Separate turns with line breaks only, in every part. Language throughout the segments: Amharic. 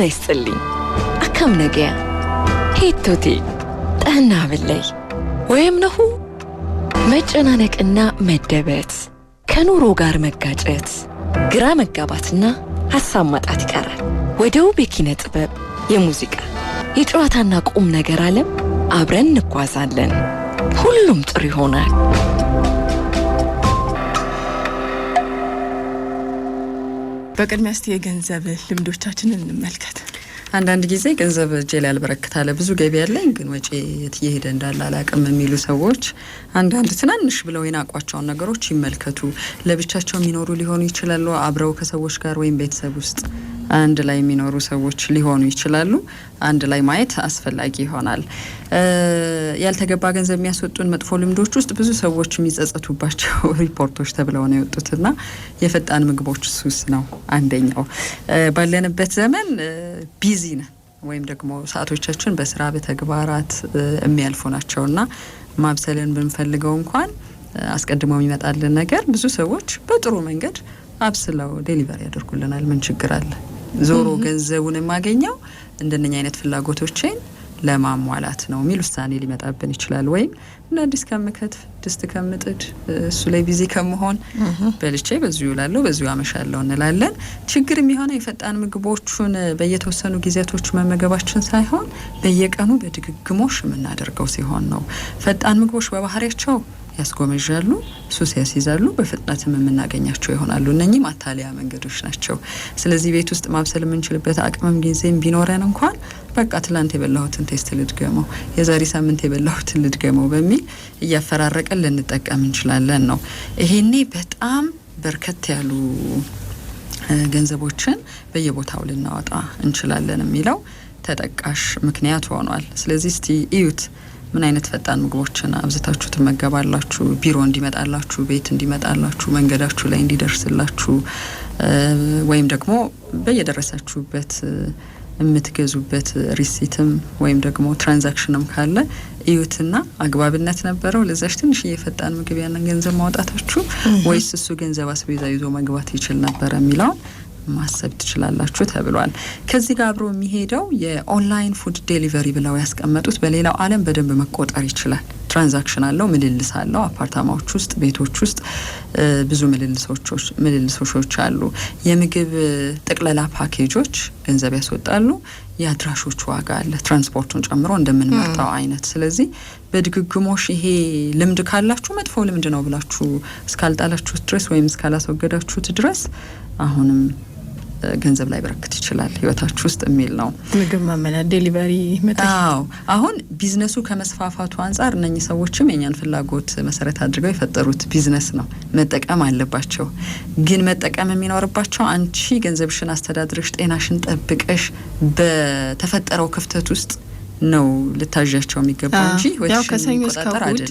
ጤና ይስጥልኝ። አካም ነገያ ሂቶቴ ጠና ብለይ ወይም ነሁ መጨናነቅና መደበት ከኑሮ ጋር መጋጨት ግራ መጋባትና ሀሳብ ማጣት ይቀራል። ወደ ውብ የኪነ ጥበብ፣ የሙዚቃ፣ የጨዋታና ቁም ነገር ዓለም አብረን እንጓዛለን። ሁሉም ጥሩ ይሆናል።
በቅድሚያ እስቲ የገንዘብ ልምዶቻችንን እንመልከት።
አንዳንድ ጊዜ ገንዘብ እጄ ላይ ብዙ ገቢ ያለኝ ግን ወጪ የት እየሄደ እንዳለ አላቅም የሚሉ ሰዎች አንዳንድ ትናንሽ ብለው የናቋቸውን ነገሮች ይመልከቱ። ለብቻቸው የሚኖሩ ሊሆኑ ይችላሉ፣ አብረው ከሰዎች ጋር ወይም ቤተሰብ ውስጥ አንድ ላይ የሚኖሩ ሰዎች ሊሆኑ ይችላሉ። አንድ ላይ ማየት አስፈላጊ ይሆናል። ያልተገባ ገንዘብ የሚያስወጡን መጥፎ ልምዶች ውስጥ ብዙ ሰዎች የሚጸጸቱባቸው ሪፖርቶች ተብለው ነው የወጡትና የፈጣን ምግቦች ሱስ ነው አንደኛው። ባለንበት ዘመን ቢዚ ነን ወይም ደግሞ ሰዓቶቻችን በስራ በተግባራት የሚያልፉ ናቸውና ማብሰልን ብንፈልገው እንኳን አስቀድሞ የሚመጣልን ነገር ብዙ ሰዎች በጥሩ መንገድ አብስለው ዴሊቨሪ ያደርጉልናል። ምን ችግር አለ? ዞሮ ገንዘቡን የማገኘው እንደነኛ አይነት ፍላጎቶችን ለማሟላት ነው የሚል ውሳኔ ሊመጣብን ይችላል። ወይም እና አዲስ ከምከትፍ ድስት ከምጥድ እሱ ላይ ቢዚ ከምሆን በልቼ በዚሁ ይውላለሁ በዚሁ አመሻለሁ እንላለን። ችግር የሚሆነው የፈጣን ምግቦቹን በየተወሰኑ ጊዜያቶች መመገባችን ሳይሆን በየቀኑ በድግግሞሽ የምናደርገው ሲሆን ነው። ፈጣን ምግቦች በባህሪያቸው ያስጎመዣሉ፣ ሱስ ያስይዛሉ፣ በፍጥነትም የምናገኛቸው ይሆናሉ። እነኚህ ማታለያ መንገዶች ናቸው። ስለዚህ ቤት ውስጥ ማብሰል የምንችልበት አቅምም ጊዜም ቢኖረን እንኳን በቃ ትላንት የበላሁትን ቴስት ልድገመው፣ የዛሬ ሳምንት የበላሁትን ልድገመው በሚል እያፈራረቀን ልንጠቀም እንችላለን ነው። ይሄኔ በጣም በርከት ያሉ ገንዘቦችን በየቦታው ልናወጣ እንችላለን የሚለው ተጠቃሽ ምክንያት ሆኗል። ስለዚህ እስቲ እዩት። ምን አይነት ፈጣን ምግቦችን አብዝታችሁ ትመገባላችሁ? ቢሮ እንዲመጣላችሁ፣ ቤት እንዲመጣላችሁ፣ መንገዳችሁ ላይ እንዲደርስላችሁ ወይም ደግሞ በየደረሳችሁበት የምትገዙበት ሪሲትም ወይም ደግሞ ትራንዛክሽንም ካለ እዩትና አግባብነት ነበረው ለዛች ትንሽ የፈጣን ምግብ ያንን ገንዘብ ማውጣታችሁ፣ ወይስ እሱ ገንዘብ አስቤዛ ይዞ መግባት ይችል ነበር የሚለውን ማሰብ ትችላላችሁ ተብሏል። ከዚህ ጋር አብሮ የሚሄደው የኦንላይን ፉድ ዴሊቨሪ ብለው ያስቀመጡት በሌላው ዓለም በደንብ መቆጠር ይችላል። ትራንዛክሽን አለው፣ ምልልስ አለው። አፓርታማዎች ውስጥ ቤቶች ውስጥ ብዙ ምልልሶች አሉ። የምግብ ጠቅለላ ፓኬጆች ገንዘብ ያስወጣሉ። የአድራሾች ዋጋ አለ፣ ትራንስፖርቱን ጨምሮ እንደምንመርጠው አይነት። ስለዚህ በድግግሞሽ ይሄ ልምድ ካላችሁ መጥፎ ልምድ ነው ብላችሁ እስካልጣላችሁት ድረስ ወይም እስካላስወገዳችሁት ድረስ አሁንም ገንዘብ ላይ በረክት ይችላል ህይወታችሁ ውስጥ የሚል ነው።
ምግብ ማመና፣ ዴሊቨሪ መጣው።
አሁን ቢዝነሱ ከመስፋፋቱ አንጻር እነኚህ ሰዎችም የኛን ፍላጎት መሰረት አድርገው የፈጠሩት ቢዝነስ ነው፣ መጠቀም አለባቸው። ግን መጠቀም የሚኖርባቸው አንቺ ገንዘብሽን አስተዳድረሽ ጤናሽን ጠብቀሽ በተፈጠረው ክፍተት ውስጥ ነው ልታዣቸው የሚገባ እንጂ
ያው ከሰኞ እስከ እሑድ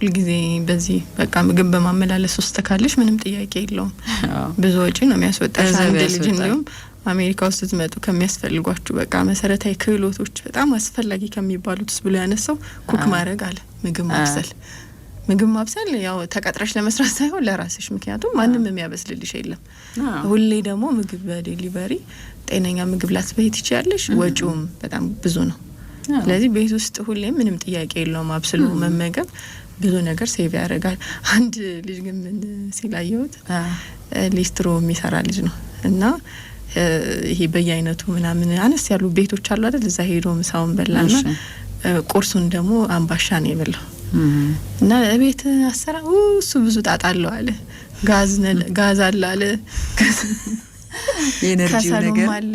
ሁልጊዜ በዚህ በቃ ምግብ በማመላለስ ውስጥ ካለሽ ምንም ጥያቄ የለውም። ብዙ ወጪ ነው የሚያስወጣሽ አንድ ልጅ። እንዲሁም አሜሪካ ውስጥ ስትመጡ ከሚያስፈልጓችሁ በቃ መሰረታዊ ክህሎቶች በጣም አስፈላጊ ከሚባሉት ውስጥ ብሎ ያነሳው ኩክ ማድረግ አለ፣ ምግብ ማብሰል። ምግብ ማብሰል ያው ተቀጥረሽ ለመስራት ሳይሆን ለራስሽ፣ ምክንያቱም ማንም የሚያበስልልሽ የለም። ሁሌ ደግሞ ምግብ በዴሊቨሪ ጤነኛ ምግብ ላትበይ ትችያለሽ። ወጪውም በጣም ብዙ ነው። ስለዚህ ቤት ውስጥ ሁሌ ምንም ጥያቄ የለውም አብስሎ መመገብ ብዙ ነገር ሴቭ ያደርጋል። አንድ ልጅ ግን ምን ሲላየሁት ሊስትሮ የሚሰራ ልጅ ነው እና ይሄ በየአይነቱ ምናምን አነስ ያሉ ቤቶች አሉ አይደል? እዛ ሄዶ ምሳውን በላና ቁርሱን ደግሞ አምባሻ ነው የበላው እና ቤት አሰራ እሱ ብዙ ጣጣ አለው አለ። ጋዝ አለ አለ ከሰሉም አለ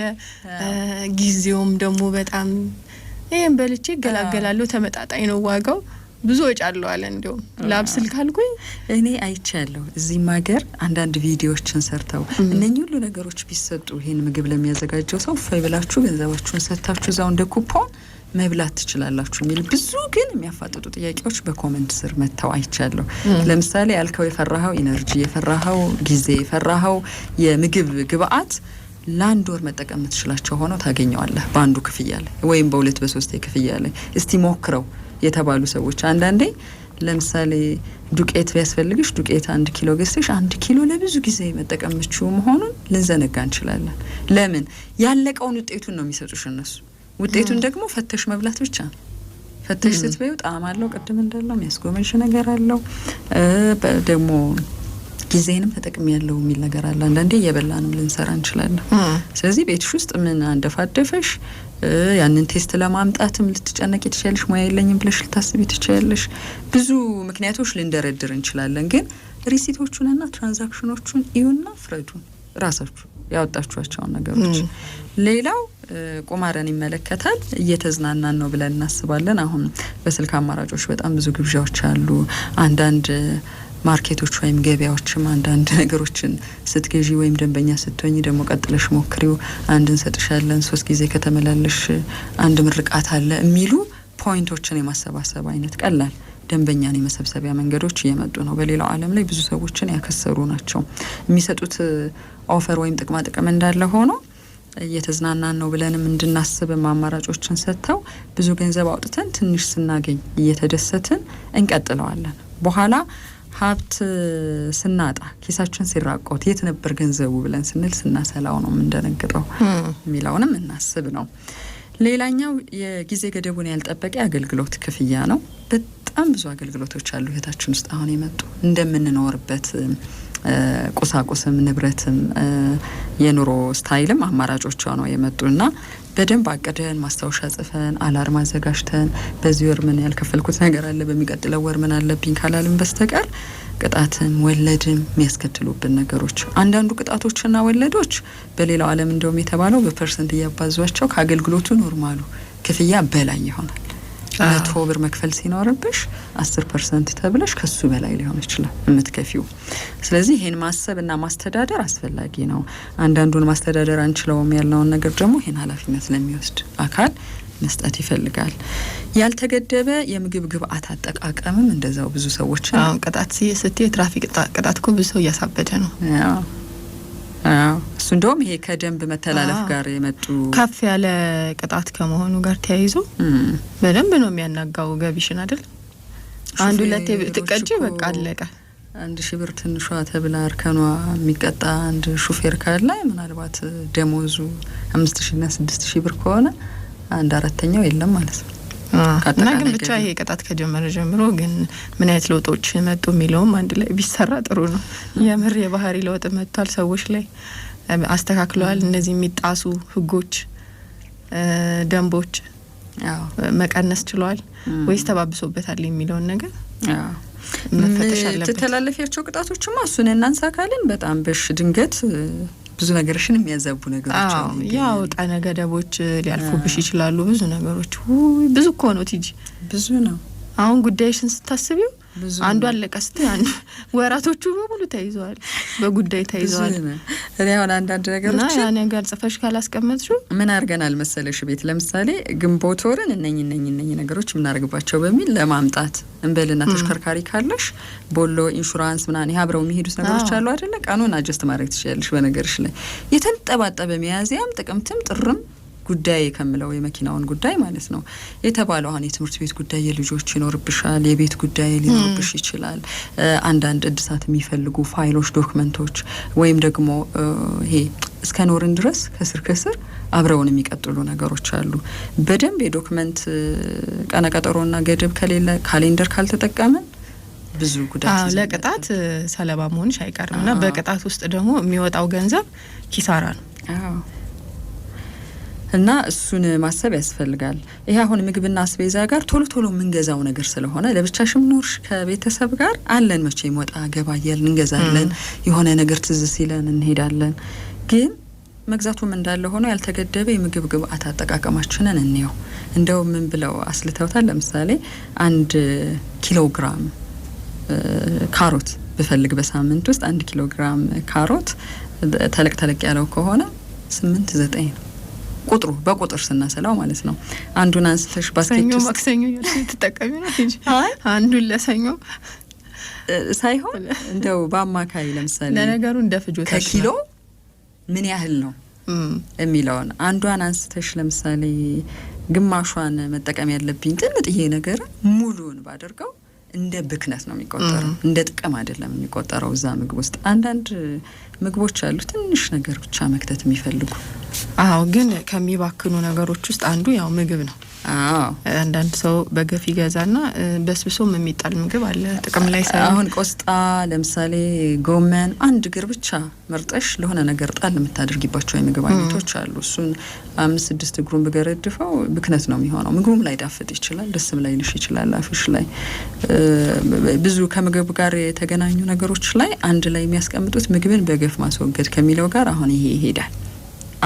ጊዜውም ደግሞ በጣም ይህን በልቼ እገላገላለሁ፣ ተመጣጣኝ ነው ዋጋው ብዙ ወጪ አለ። እንዲሁም ላብስል ካልኩኝ
እኔ አይቻለሁ። እዚህም ሀገር አንዳንድ ቪዲዮዎችን ሰርተው እነኚህ ሁሉ ነገሮች ቢሰጡ ይህን ምግብ ለሚያዘጋጀው ሰው ፋይ ብላችሁ ገንዘባችሁን ሰጥታችሁ እዛው እንደ ኩፖን መብላት ትችላላችሁ የሚል ብዙ ግን የሚያፋጥጡ ጥያቄዎች በኮመንት ስር መጥተው አይቻለሁ። ለምሳሌ ያልከው የፈራኸው ኢነርጂ፣ የፈራኸው ጊዜ፣ የፈራኸው የምግብ ግብአት ለአንድ ወር መጠቀም የምትችላቸው ሆነው ታገኘዋለህ። በአንዱ ክፍያ ላይ ወይም በሁለት በሶስት ክፍያ ላይ እስቲ ሞክረው የተባሉ ሰዎች አንዳንዴ ለምሳሌ ዱቄት ቢያስፈልግሽ ዱቄት አንድ ኪሎ ገዝተሽ አንድ ኪሎ ለብዙ ጊዜ መጠቀም ምችው መሆኑን ልንዘነጋ እንችላለን። ለምን ያለቀውን ውጤቱን ነው የሚሰጡሽ እነሱ። ውጤቱን ደግሞ ፈተሽ መብላት ብቻ ነው። ፈተሽ ስትበዩ ጣዕም አለው፣ ቅድም እንዳለው የሚያስጎመንሽ ነገር አለው ደግሞ ጊዜንም ተጠቅሚ ያለው የሚል ነገር አለ። አንዳንዴ እየበላንም ልንሰራ እንችላለን። ስለዚህ ቤትሽ ውስጥ ምን አንደፋደፈሽ ያንን ቴስት ለማምጣትም ልትጨነቂ ትችያለሽ። ሙያ የለኝም ብለሽ ልታስቢ ትችያለሽ። ብዙ ምክንያቶች ልንደረድር እንችላለን። ግን ሪሲቶቹንና ትራንዛክሽኖቹን እዩና ፍረዱን ራሳችሁ ያወጣችኋቸውን ነገሮች። ሌላው ቁማረን ይመለከታል። እየተዝናናን ነው ብለን እናስባለን። አሁን በስልክ አማራጮች በጣም ብዙ ግብዣዎች አሉ። አንዳንድ ማርኬቶች ወይም ገበያዎችም አንዳንድ ነገሮችን ስትገዢ ወይም ደንበኛ ስትሆኝ ደግሞ ቀጥለሽ ሞክሪው፣ አንድ እንሰጥሻለን፣ ሶስት ጊዜ ከተመላለሽ አንድ ምርቃት አለ የሚሉ ፖይንቶችን የማሰባሰብ አይነት ቀላል ደንበኛን የመሰብሰቢያ መንገዶች እየመጡ ነው። በሌላው ዓለም ላይ ብዙ ሰዎችን ያከሰሩ ናቸው። የሚሰጡት ኦፈር ወይም ጥቅማ ጥቅም እንዳለ ሆኖ እየተዝናናን ነው ብለንም እንድናስብም አማራጮችን ሰጥተው ብዙ ገንዘብ አውጥተን ትንሽ ስናገኝ እየተደሰትን እንቀጥለዋለን በኋላ ሀብት ስናጣ ኪሳችን ሲራቆት የት ነበር ገንዘቡ ብለን ስንል ስናሰላው ነው የምንደነግጠው የሚለውንም እናስብ ነው። ሌላኛው የጊዜ ገደቡን ያልጠበቀ የአገልግሎት ክፍያ ነው። በጣም ብዙ አገልግሎቶች አሉ ህይወታችን ውስጥ አሁን የመጡ እንደምንኖርበት ቁሳቁስም ንብረትም የኑሮ ስታይልም አማራጮቿ ነው የመጡና በደንብ አቅደን ማስታወሻ ጽፈን አላርም አዘጋጅተን በዚህ ወር ምን ያልከፈልኩት ነገር አለ፣ በሚቀጥለው ወር ምን አለብኝ ካላልም በስተቀር ቅጣትም ወለድም የሚያስከትሉብን ነገሮች አንዳንዱ ቅጣቶችና ወለዶች በሌላው ዓለም እንደውም የተባለው በፐርሰንት እያባዟቸው ከአገልግሎቱ ኖርማሉ ክፍያ በላይ ይሆናል። መቶ ብር መክፈል ሲኖርብሽ አስር ፐርሰንት ተብለሽ ከሱ በላይ ሊሆን ይችላል የምትከፊው። ስለዚህ ይህን ማሰብ እና ማስተዳደር አስፈላጊ ነው። አንዳንዱን ማስተዳደር አንችለውም ያለውን ነገር ደግሞ ይሄን ኃላፊነት ለሚወስድ አካል መስጠት ይፈልጋል። ያልተገደበ የምግብ ግብአት አጠቃቀምም እንደዛው ብዙ ሰዎች
ቅጣት ስቴ የትራፊክ ቅጣት እኮ ብዙ ሰው እያሳበደ ነው።
እሱ እንደውም ይሄ ከደንብ መተላለፍ ጋር የመጡ
ከፍ ያለ ቅጣት ከመሆኑ ጋር ተያይዞ በደንብ ነው የሚያናጋው። ገቢሽን አይደል አንድ ሁለቴ በቃ አለቀ።
አንድ ሺ ብር ትንሿ ተብላ እርከኗ የሚቀጣ አንድ ሹፌር ካለ ምናልባት ደሞዙ አምስት ና ስድስት ሺ ብር ከሆነ አንድ አራተኛው የለም ማለት ነው።
እና ግን ብቻ ይሄ ቅጣት ከጀመረ ጀምሮ ግን ምን አይነት ለውጦች መጡ የሚለውም አንድ ላይ ቢሰራ ጥሩ ነው። የምር የባህሪ ለውጥ መጥቷል። ሰዎች ላይ አስተካክለዋል። እነዚህ የሚጣሱ ህጎች፣ ደንቦች መቀነስ ችለዋል ወይስ ተባብሶበታል የሚለውን ነገር
መፈተሽ አለበት። ቅጣቶችማ እሱን እናንሳ ካልን በጣም በሽ ድንገት ብዙ ነገርሽን የሚያዘቡ ነገሮች
ያው ቀነ ገደቦች ሊያልፉብሽ ይችላሉ። ብዙ ነገሮች ብዙ እኮ ነው ቲጂ፣ ብዙ ነው። አሁን ጉዳይሽን ስታስቢው አንዱ አለቀ ስትይ ወራቶቹ በሙሉ ተይዘዋል፣ በጉዳይ ተይዘዋል።
እኔ አሁን አንዳንድ ነገሮች ያ
ነገር ጽፈሽ ካላስቀመጥሽው
ምን አድርገናል መሰለሽ ቤት ለምሳሌ ግንቦት ወርን እነኝ እነኝ እነኝ ነገሮች የምናደርግባቸው በሚል ለማምጣት እንበልና ተሽከርካሪ ካለሽ ቦሎ ኢንሹራንስ ምናምን አብረው የሚሄዱት ነገሮች አሉ አይደለ? ቀኑን አጀስት ማድረግ ትችላለሽ። በነገርሽ ላይ የተንጠባጠበ ሚያዝያም ጥቅምትም ጥርም ጉዳይ ከምለው የመኪናውን ጉዳይ ማለት ነው የተባለው አሁን የትምህርት ቤት ጉዳይ የልጆች ይኖርብሻል፣ የቤት ጉዳይ ሊኖርብሽ ይችላል። አንዳንድ እድሳት የሚፈልጉ ፋይሎች፣ ዶክመንቶች ወይም ደግሞ ይሄ እስከ ኖርን ድረስ ከስር ከስር አብረውን የሚቀጥሉ ነገሮች አሉ። በደንብ የዶክመንት ቀነቀጠሮና ገደብ ከሌለ ካሌንደር ካልተጠቀምን ብዙ ጉዳት
ለቅጣት ሰለባ መሆንሽ አይቀርም እና በቅጣት ውስጥ ደግሞ የሚወጣው ገንዘብ ኪሳራ ነው።
እና እሱን ማሰብ ያስፈልጋል። ይሄ አሁን ምግብና አስቤዛ ጋር ቶሎ ቶሎ የምንገዛው ነገር ስለሆነ ለብቻሽም ኖርሽ ከቤተሰብ ጋር አለን መቼም ወጣ ገባ እያልን እንገዛለን። የሆነ ነገር ትዝ ሲለን እንሄዳለን። ግን መግዛቱም እንዳለ ሆኖ ያልተገደበ የምግብ ግብአት አጠቃቀማችንን እንየው። እንደው ምን ብለው አስልተውታል? ለምሳሌ አንድ ኪሎግራም ካሮት ብፈልግ በሳምንት ውስጥ አንድ ኪሎግራም ካሮት ተለቅ ተለቅ ያለው ከሆነ ስምንት ዘጠኝ ነው ቁጥሩ በቁጥር ስናሰላው ማለት ነው። አንዱን አንስተሽ ባስኬት ውስጥ
ማክሰኞ እንጂ አንዱን ለሰኞ
ሳይሆን እንደው በአማካይ ለምሳሌ
ለነገሩ እንደ ፍጆታ
ከኪሎ ምን ያህል ነው የሚለውን አንዷን አንስተሽ ለምሳሌ ግማሿን መጠቀም ያለብኝ ጥንጥዬ ነገር ሙሉን ባደርገው እንደ ብክነት ነው የሚቆጠረው፣ እንደ ጥቅም አይደለም የሚቆጠረው እዛ ምግብ ውስጥ አንዳንድ ምግቦች አሉ ትንሽ ነገር ብቻ መክተት የሚፈልጉ
አዎ። ግን ከሚባክኑ ነገሮች ውስጥ አንዱ ያው ምግብ ነው። አንዳንድ ሰው በገፍ ይገዛና በስብሶም የሚጣል ምግብ አለ ጥቅም ላይ ሳይሆን።
አሁን ቆስጣ ለምሳሌ ጎመን፣ አንድ እግር ብቻ መርጠሽ ለሆነ ነገር ጣል የምታደርጊባቸው የምግብ አይነቶች አሉ። እሱን አምስት ስድስት እግሩን ብገረድፈው ብክነት ነው የሚሆነው። ምግቡም ላይ ዳፍጥ ይችላል፣ ደስም ላይ ልሽ ይችላል። አፍሽ ላይ ብዙ ከምግብ ጋር የተገናኙ ነገሮች ላይ አንድ ላይ የሚያስቀምጡት ምግብን በገፍ ማስወገድ ከሚለው ጋር አሁን ይሄ ይሄዳል።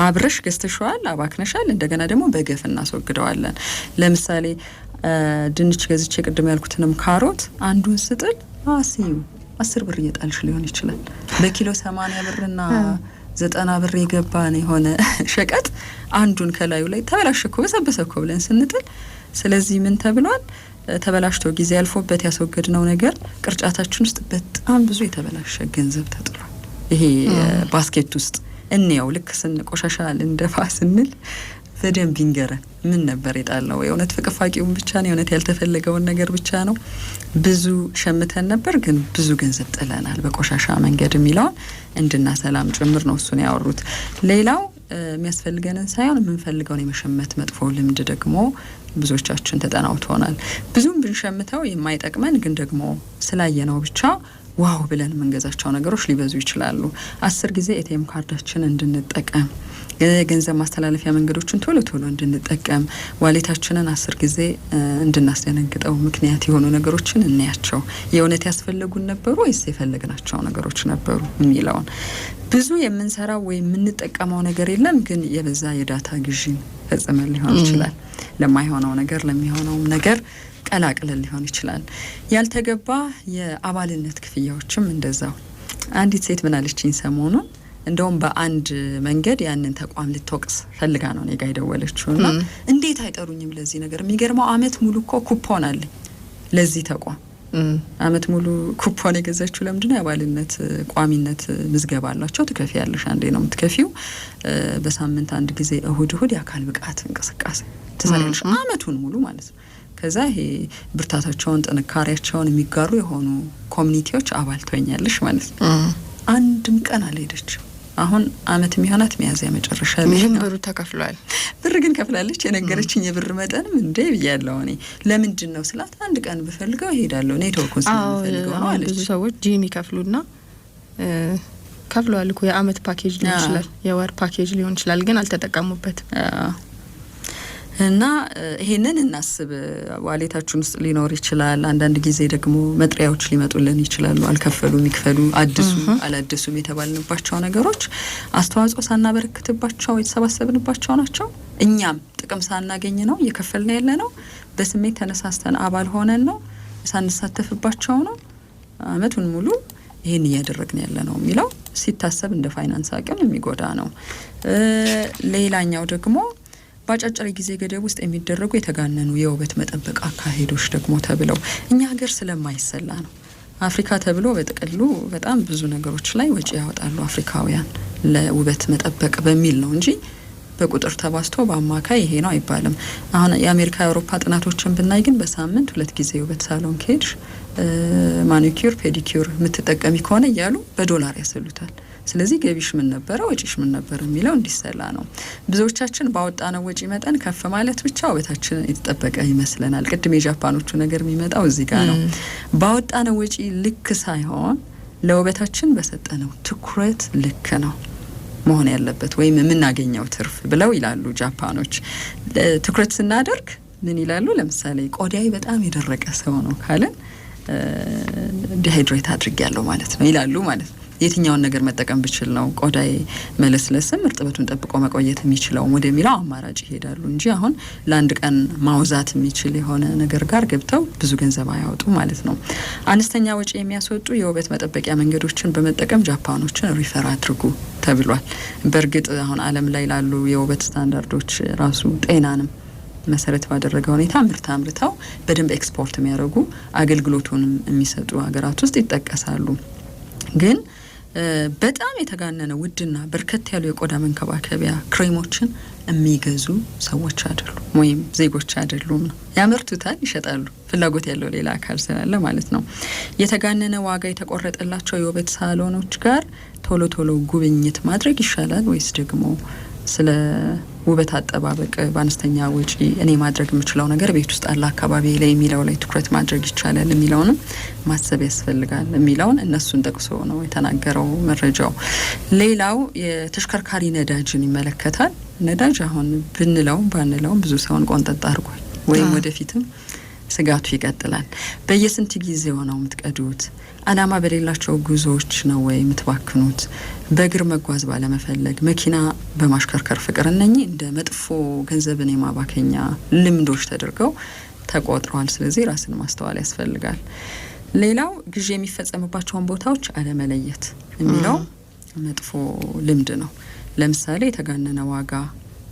አብረሽ ገዝተሸዋል፣ አባክነሻል፣ እንደገና ደግሞ በገፍ እናስወግደዋለን። ለምሳሌ ድንች ገዝቼ ቅድም ያልኩትንም ካሮት አንዱን ስጥል አስዩ አስር ብር እየጣልሽ ሊሆን ይችላል። በኪሎ ሰማንያ ብርና ዘጠና ብር የገባን የሆነ ሸቀጥ አንዱን ከላዩ ላይ ተበላሸኮ በሰበሰኮ ብለን ስንጥል፣ ስለዚህ ምን ተብሏል? ተበላሽቶ ጊዜ ያልፎበት ያስወገድነው ነገር ቅርጫታችን ውስጥ በጣም ብዙ የተበላሸ ገንዘብ ተጥሏል። ይሄ ባስኬት ውስጥ እንየው። ልክ ስን ቆሻሻ ልንደፋ ስንል በደንብ ይንገረን። ምን ነበር የጣልነው? የእውነት ፍቅፋቂውን ብቻ ነው? የእውነት ያልተፈለገውን ነገር ብቻ ነው? ብዙ ሸምተን ነበር፣ ግን ብዙ ገንዘብ ጥለናል በቆሻሻ መንገድ የሚለውን እንድና ሰላም ጭምር ነው እሱን ያወሩት። ሌላው የሚያስፈልገንን ሳይሆን የምንፈልገውን የመሸመት መጥፎ ልምድ ደግሞ ብዙዎቻችን ተጠናውቶናል። ብዙም ብንሸምተው የማይጠቅመን ግን ደግሞ ስላየነው ብቻ ዋው ብለን የምንገዛቸው ነገሮች ሊበዙ ይችላሉ። አስር ጊዜ ኤቲኤም ካርዳችን እንድንጠቀም የገንዘብ ማስተላለፊያ መንገዶችን ቶሎ ቶሎ እንድንጠቀም ዋሌታችንን አስር ጊዜ እንድናስደነግጠው ምክንያት የሆኑ ነገሮችን እናያቸው። የእውነት ያስፈለጉን ነበሩ ወይስ የፈለግናቸው ነገሮች ነበሩ የሚለውን ብዙ የምንሰራው ወይም የምንጠቀመው ነገር የለም፣ ግን የበዛ የዳታ ግዢ ፈጽመን ሊሆን ይችላል ለማይሆነው ነገር ለሚሆነውም ነገር ቀላቅለን ሊሆን ይችላል። ያልተገባ የአባልነት ክፍያዎችም እንደዛው። አንዲት ሴት ምናለችኝ ሰሞኑን እንደውም በአንድ መንገድ ያንን ተቋም ልትወቅስ ፈልጋ ነው እኔ ጋ የደወለችው እና እንዴት አይጠሩኝም ለዚህ ነገር? የሚገርመው አመት ሙሉ እኮ ኩፖን አለኝ ለዚህ ተቋም አመት ሙሉ ኩፖን የገዛችው ለምንድን ነው? የአባልነት ቋሚነት ምዝገባ አላቸው። ትከፊ ያለሽ አንዴ ነው የምትከፊው። በሳምንት አንድ ጊዜ እሁድ እሁድ የአካል ብቃት እንቅስቃሴ ትሰሪያለሽ፣ አመቱን ሙሉ ማለት ነው። ከዛ ይሄ ብርታታቸውን ጥንካሬያቸውን የሚጋሩ የሆኑ ኮሚኒቲዎች አባል ትሆኛለሽ ማለት ነው። አንድም ቀን አልሄደችም። አሁን አመት የሚሆናት ሚያዝያ መጨረሻ ይህም
ብሩ ተከፍሏል።
ብር ግን ከፍላለች። የነገረችኝ የብር መጠንም እንዴ ብያለሁ እኔ ለምንድን ነው ስላት፣ አንድ ቀን ብፈልገው ይሄዳለሁ ኔትወርኩን
ስለምፈልገው ነው አለች። ብዙ ሰዎች ጂም ይከፍሉና ከፍለዋል እኮ የአመት ፓኬጅ ሊሆን ይችላል፣ የወር ፓኬጅ ሊሆን ይችላል፣ ግን አልተጠቀሙበትም።
እና ይሄንን እናስብ። ዋሌታችን ውስጥ ሊኖር ይችላል። አንዳንድ ጊዜ ደግሞ መጥሪያዎች ሊመጡልን ይችላሉ። አልከፈሉም፣ ይክፈሉ፣ አድሱ፣ አላድሱም የተባልንባቸው ነገሮች አስተዋጽኦ ሳናበረክትባቸው የተሰባሰብንባቸው ናቸው። እኛም ጥቅም ሳናገኝ ነው እየከፈልን ያለ ነው። በስሜት ተነሳስተን አባል ሆነን ነው ሳንሳተፍባቸው ነው አመቱን ሙሉ ይህን እያደረግን ያለ ነው የሚለው ሲታሰብ እንደ ፋይናንስ አቅም የሚጎዳ ነው። ሌላኛው ደግሞ በአጫጭር ጊዜ ገደብ ውስጥ የሚደረጉ የተጋነኑ የውበት መጠበቅ አካሄዶች ደግሞ ተብለው እኛ ሀገር ስለማይሰላ ነው። አፍሪካ ተብሎ በጥቅሉ በጣም ብዙ ነገሮች ላይ ወጪ ያወጣሉ አፍሪካውያን ለውበት መጠበቅ በሚል ነው እንጂ በቁጥር ተባዝቶ በአማካይ ይሄ ነው አይባልም። አሁን የአሜሪካ የአውሮፓ ጥናቶችን ብናይ ግን በሳምንት ሁለት ጊዜ ውበት ሳሎን ኬድ ማኒኪር ፔዲኪር የምትጠቀሚ ከሆነ እያሉ በዶላር ያሰሉታል። ስለዚህ ገቢሽ ምን ነበረ፣ ወጪሽ ምን ነበር የሚለው እንዲሰላ ነው። ብዙዎቻችን ባወጣነው ወጪ መጠን ከፍ ማለት ብቻ ውበታችን የተጠበቀ ይመስለናል። ቅድም የጃፓኖቹ ነገር የሚመጣው እዚህ ጋር ነው። ባወጣነው ወጪ ልክ ሳይሆን ለውበታችን በሰጠነው ትኩረት ልክ ነው መሆን ያለበት ወይም የምናገኘው ትርፍ ብለው ይላሉ ጃፓኖች። ትኩረት ስናደርግ ምን ይላሉ? ለምሳሌ ቆዳዬ በጣም የደረቀ ሰው ነው ካለን ዲሃይድሬት አድርግ ያለው ማለት ነው ይላሉ ማለት ነው። የትኛውን ነገር መጠቀም ብችል ነው ቆዳዬ መለስለስም እርጥበቱን ጠብቆ መቆየት የሚችለውም ወደሚለው አማራጭ ይሄዳሉ እንጂ አሁን ለአንድ ቀን ማውዛት የሚችል የሆነ ነገር ጋር ገብተው ብዙ ገንዘብ አያወጡ ማለት ነው። አነስተኛ ወጪ የሚያስወጡ የውበት መጠበቂያ መንገዶችን በመጠቀም ጃፓኖችን ሪፈር አድርጉ ተብሏል። በእርግጥ አሁን ዓለም ላይ ላሉ የውበት ስታንዳርዶች ራሱ ጤናንም መሰረት ባደረገ ሁኔታ ምርት አምርተው በደንብ ኤክስፖርት የሚያደርጉ አገልግሎቱንም የሚሰጡ ሀገራት ውስጥ ይጠቀሳሉ ግን በጣም የተጋነነ ውድና በርከት ያሉ የቆዳ መንከባከቢያ ክሬሞችን የሚገዙ ሰዎች አይደሉም ወይም ዜጎች አይደሉም ነው። ያመርቱታል፣ ይሸጣሉ። ፍላጎት ያለው ሌላ አካል ስላለ ማለት ነው። የተጋነነ ዋጋ የተቆረጠላቸው የውበት ሳሎኖች ጋር ቶሎ ቶሎ ጉብኝት ማድረግ ይሻላል ወይስ ደግሞ ስለ ውበት አጠባበቅ በአነስተኛ ወጪ እኔ ማድረግ የምችለው ነገር ቤት ውስጥ አለ አካባቢ ላይ የሚለው ላይ ትኩረት ማድረግ ይቻላል የሚለውንም ማሰብ ያስፈልጋል የሚለውን እነሱን ጠቅሶ ነው የተናገረው መረጃው። ሌላው የተሽከርካሪ ነዳጅን ይመለከታል። ነዳጅ አሁን ብንለውም ባንለውም ብዙ ሰውን ቆንጠጥ አድርጓል ወይም ወደፊትም ስጋቱ ይቀጥላል። በየስንት ጊዜው ነው የምትቀዱት? አላማ በሌላቸው ጉዞዎች ነው ወይ የምትባክኑት? በእግር መጓዝ ባለመፈለግ፣ መኪና በማሽከርከር ፍቅር፣ እነኚህ እንደ መጥፎ ገንዘብን የማባከኛ ልምዶች ተደርገው ተቆጥረዋል። ስለዚህ ራስን ማስተዋል ያስፈልጋል። ሌላው ግዢ የሚፈጸምባቸውን ቦታዎች አለመለየት የሚለው መጥፎ ልምድ ነው። ለምሳሌ የተጋነነ ዋጋ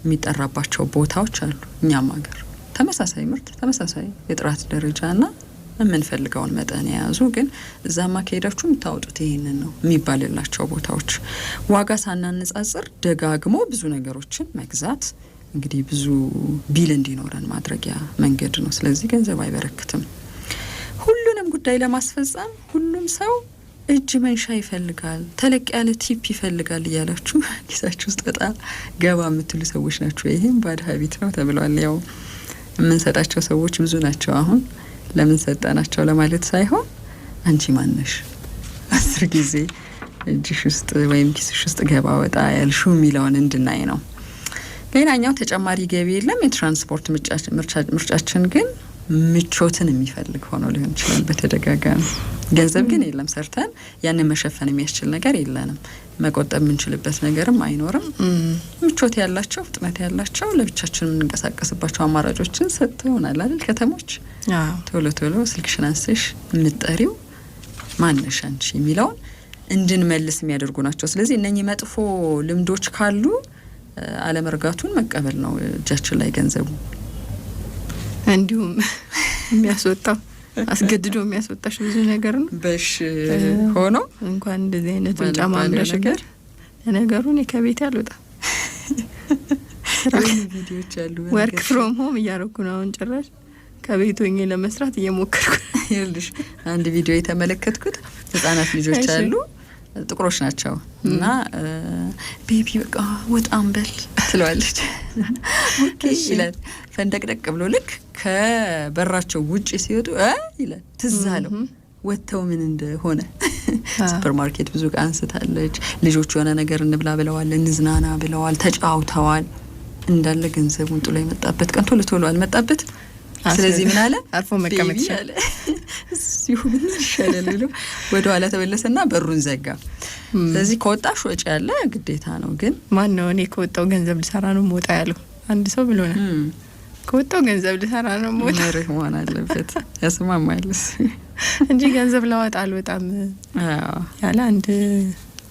የሚጠራባቸው ቦታዎች አሉ እኛም ሀገር ተመሳሳይ ምርት ተመሳሳይ የጥራት ደረጃና የምንፈልገውን መጠን የያዙ ግን እዛማ ከሄዳችሁ የምታወጡት ይህንን ነው የሚባልላቸው ቦታዎች ዋጋ ሳናነጻጽር ደጋግሞ ብዙ ነገሮችን መግዛት እንግዲህ ብዙ ቢል እንዲኖረን ማድረጊያ መንገድ ነው። ስለዚህ ገንዘብ አይበረክትም። ሁሉንም ጉዳይ ለማስፈጸም ሁሉም ሰው እጅ መንሻ ይፈልጋል፣ ተለቅ ያለ ቲፕ ይፈልጋል እያላችሁ ኪሳችሁ ውስጥ በጣም ገባ የምትሉ ሰዎች ናቸው። ይህም ባድ ሀቢት ነው ተብሏል ያው የምንሰጣቸው ሰዎች ብዙ ናቸው። አሁን ለምን ሰጠናቸው ለማለት ሳይሆን አንቺ ማነሽ አስር ጊዜ እጅሽ ውስጥ ወይም ኪስሽ ውስጥ ገባ ወጣ ያልሹ የሚለውን እንድናይ ነው። ሌላኛው ተጨማሪ ገቢ የለም። የትራንስፖርት ምርጫችን ግን ምቾትን የሚፈልግ ሆኖ ሊሆን ይችላል በተደጋጋሚ ገንዘብ ግን የለም። ሰርተን ያንን መሸፈን የሚያስችል ነገር የለንም። መቆጠብ የምንችልበት ነገርም አይኖርም። ምቾት ያላቸው ፍጥነት ያላቸው ለብቻችን የምንንቀሳቀስባቸው አማራጮችን ሰጥቶ ይሆናል አይደል? ከተሞች ቶሎ ቶሎ ስልክሽን አንስሽ የምጠሪው ማነሽ አንቺ የሚለውን እንድንመልስ የሚያደርጉ ናቸው። ስለዚህ እነኚህ መጥፎ ልምዶች ካሉ አለመርጋቱን መቀበል ነው። እጃችን ላይ ገንዘቡ
እንዲሁም የሚያስወጣው አስገድዶ የሚያስወጣሽ ብዙ ነገር ነው።
በሽ ሆኖ
እንኳን እንደዚህ አይነቱን ጫማ አምዳሽ ገር ለነገሩ እኔ ከቤት አልወጣም። ወርክ ፍሮም ሆም እያረኩ ነው አሁን ጭራሽ ከቤት ሆኜ ለመስራት እየሞከርኩ
ይልሽ። አንድ ቪዲዮ የተመለከትኩት ህጻናት ልጆች አሉ ጥቁሮች ናቸው
እና ቤቢ በቃ ወጣም በል
ትለዋለች ይላል ፈንደቅደቅ ብሎ ልክ ከበራቸው ውጭ ሲወጡ ይላል ትዝ አለው ወጥተው ምን እንደሆነ ሱፐር ማርኬት ብዙ ዕቃ አንስታለች። ልጆቹ የሆነ ነገር እንብላ ብለዋል፣ እንዝናና ብለዋል፣ ተጫውተዋል። እንዳለ ገንዘቡን ጥሎ የመጣበት ቀን ቶሎ ቶሎ አልመጣበት። ስለዚህ ምን አለ
አርፎ መቀመጥ ይሻለ እዚሁ ምን
ይሻላል ብሎ ወደ ኋላ ተመለሰና በሩን ዘጋ። ስለዚህ ከወጣሽ ወጪ ያለ ግዴታ ነው። ግን
ማን ነው እኔ ከወጣው ገንዘብ ልሰራ ነው መውጣ ያለው አንድ ሰው ብሎናል። ከወጣው ገንዘብ ልሰራ ነው። ሞት መርህ
መሆን አለበት። ያስማማልስ
እንጂ ገንዘብ ለዋጣ አልወጣም ያለ አንድ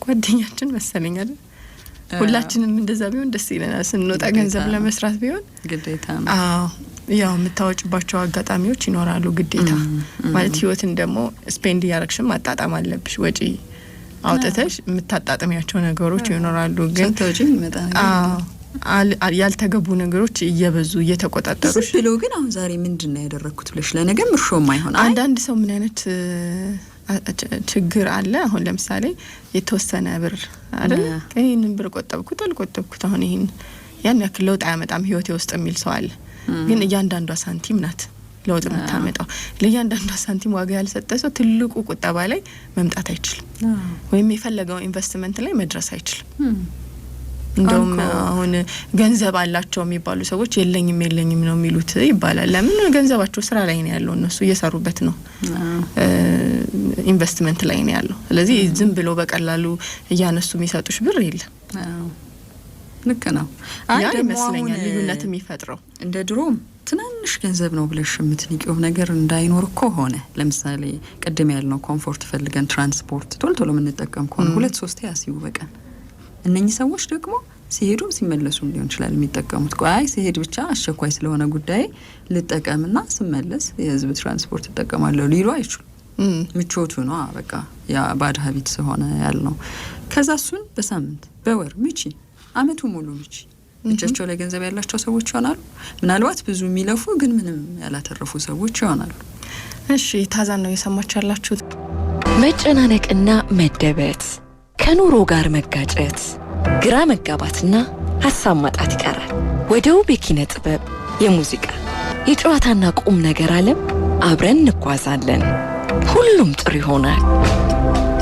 ጓደኛችን መሰለኛል። ሁላችንም እንደዛ ቢሆን ደስ ይለናል። ስንወጣ ገንዘብ ለመስራት ቢሆን ግዴታ ነው። ያው የምታወጭባቸው አጋጣሚዎች ይኖራሉ። ግዴታ ማለት ህይወትን ደግሞ ስፔንድ እያረግሽም ማጣጣም አለብሽ። ወጪ አውጥተሽ የምታጣጥሚያቸው ነገሮች ይኖራሉ። ግን ያልተገቡ ነገሮች እየበዙ እየተቆጣጠሩ
ብሎ ግን አሁን ዛሬ ምንድን ነው ያደረግኩት ብለሽ ለነገም ምርሾም አይሆን።
አንዳንድ ሰው ምን አይነት ችግር አለ። አሁን ለምሳሌ የተወሰነ ብር አይደል ይህንን ብር ቆጠብኩት አልቆጠብኩት አሁን ይህን ያን ያክል ለውጥ አያመጣም ህይወቴ ውስጥ የሚል ሰው አለ። ግን እያንዳንዷ ሳንቲም ናት ለውጥ የምታመጣው። ለእያንዳንዷ ሳንቲም ዋጋ ያልሰጠ ሰው ትልቁ ቁጠባ ላይ መምጣት አይችልም፣ ወይም የፈለገው ኢንቨስትመንት ላይ መድረስ አይችልም። እንደውም አሁን ገንዘብ አላቸው የሚባሉ ሰዎች የለኝም የለኝም ነው የሚሉት ይባላል። ለምን? ገንዘባቸው ስራ ላይ ነው ያለው፣ እነሱ እየሰሩበት ነው፣ ኢንቨስትመንት ላይ ነው ያለው። ስለዚህ ዝም ብሎ በቀላሉ እያነሱ የሚሰጡሽ ብር የለም። ልክ ነው። ይመስለኛል ልዩነት የሚፈጥረው
እንደ ድሮም ትናንሽ ገንዘብ ነው ብለሽ የምትንቂው ነገር እንዳይኖር እኮ ሆነ። ለምሳሌ ቅድም ያልነው ኮምፎርት ፈልገን ትራንስፖርት ቶሎ ቶሎ የምንጠቀም ከሆነ ሁለት ሶስት ያስዩ በቀን እነኚህ ሰዎች ደግሞ ሲሄዱም ሲመለሱም ሊሆን ይችላል የሚጠቀሙት። ቆይ ሲሄድ ብቻ አስቸኳይ ስለሆነ ጉዳይ ልጠቀምና ስመለስ የህዝብ ትራንስፖርት እጠቀማለሁ ሊሉ አይችሉም። ምቾቱ ነው በቃ ያ ባድ ሀቢት ስለሆነ ነው። ከዛ እሱን በሳምንት በወር ምቺ አመቱ ሙሉ ምቺ እጃቸው ላይ ገንዘብ ያላቸው ሰዎች ይሆናሉ። ምናልባት ብዙ የሚለፉ ግን ምንም ያላተረፉ ሰዎች ይሆናሉ።
እሺ ታዛን ነው የሰማች ያላችሁት መጨናነቅና መደበት ከኑሮ ጋር መጋጨት፣ ግራ መጋባትና ሀሳብ ማጣት ይቀራል። ወደ ውብ የኪነ ጥበብ፣ የሙዚቃ፣ የጨዋታና ቁም ነገር ዓለም አብረን እንጓዛለን። ሁሉም ጥሩ ይሆናል።